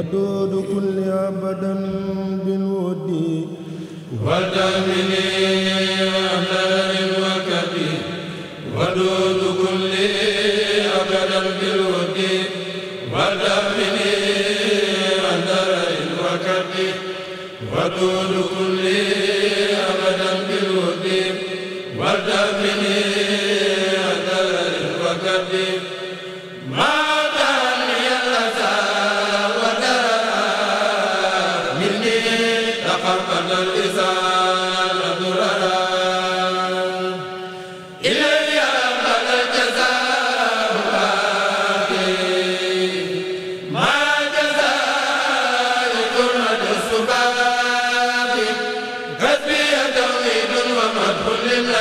ودود كل أبدا بالود وتمني أهلا وكبير ودود كل أبدا بالود وتمني أهلا وكبير ودود كل أبدا بالود وتمني أهلا وكبير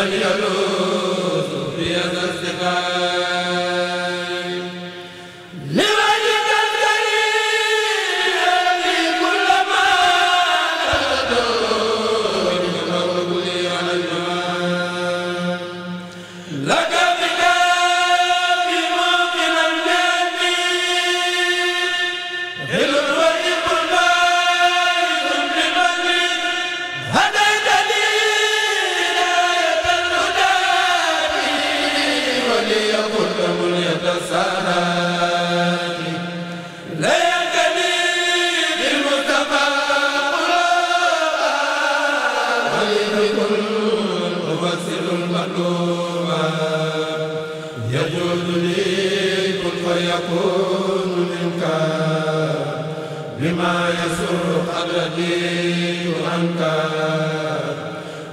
فليلوذ بهذا الثقل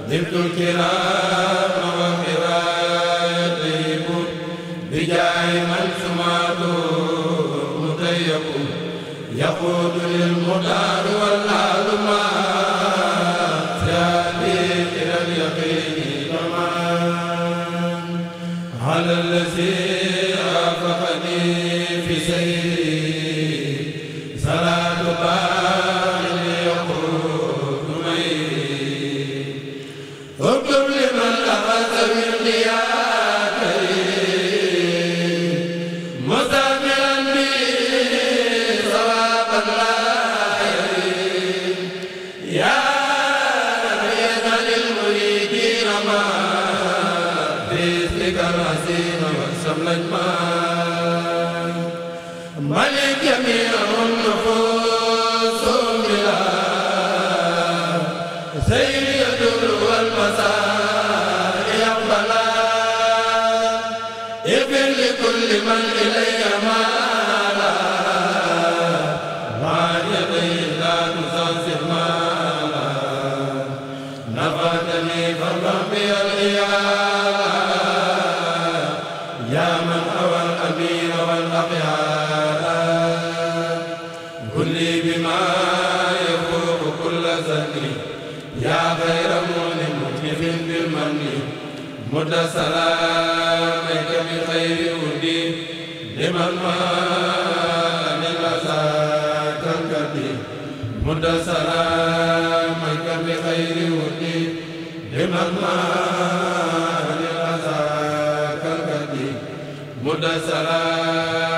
ذبت الكرام يقول للمدار والعلماء على الذي أفقني في سير maa salaam